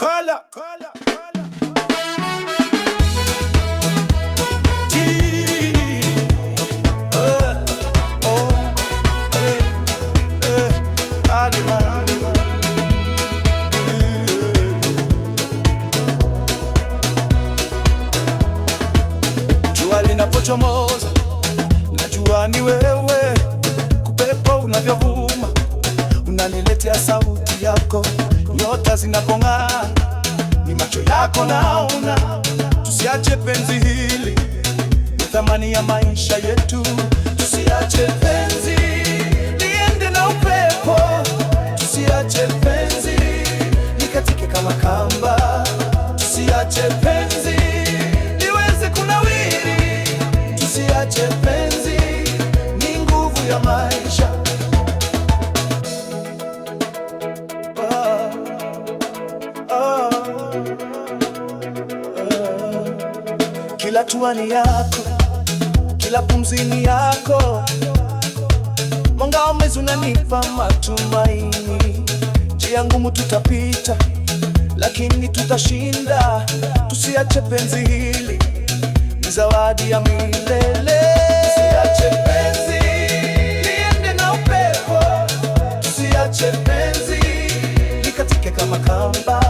Kala, kala, kala. Jua linapochomoza najua ni wewe, kupepo unavyovuma unaniletea sauti yako nyota zinapong'aa, ni macho yako naona. Tusiache penzi hili, ni thamani ya maisha yetu. Tusiache penzi liende na upepo, tusiache penzi likatike kama kamba, tusiache penzi liweze kunawiri, tusiache penzi, ni nguvu ya maisha Kila tua ni yako, kila pumzi ni yako. Mwanga wa mwezi unanipa matumaini. Njia ngumu tutapita, lakini tutashinda. Tusiache penzi hili, ni zawadi ya milele. Tusiache penzi liende na upepo, tusiache penzi likatike kama kamba.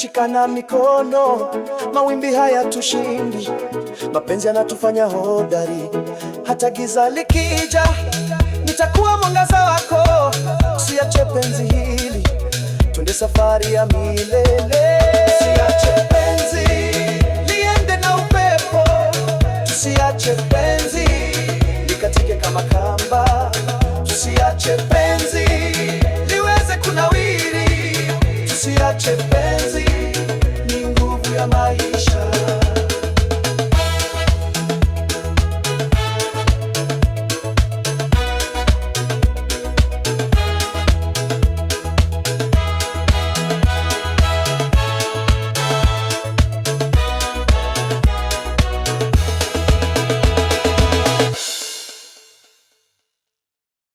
tunashikana mikono, mawimbi haya tushindi, mapenzi yanatufanya hodari. Hata giza likija, nitakuwa mwangaza wako. Usiache penzi hili, twende safari ya milele. Usiache penzi liende na upepo, tusiache penzi likatike kama kamba, tusiache penzi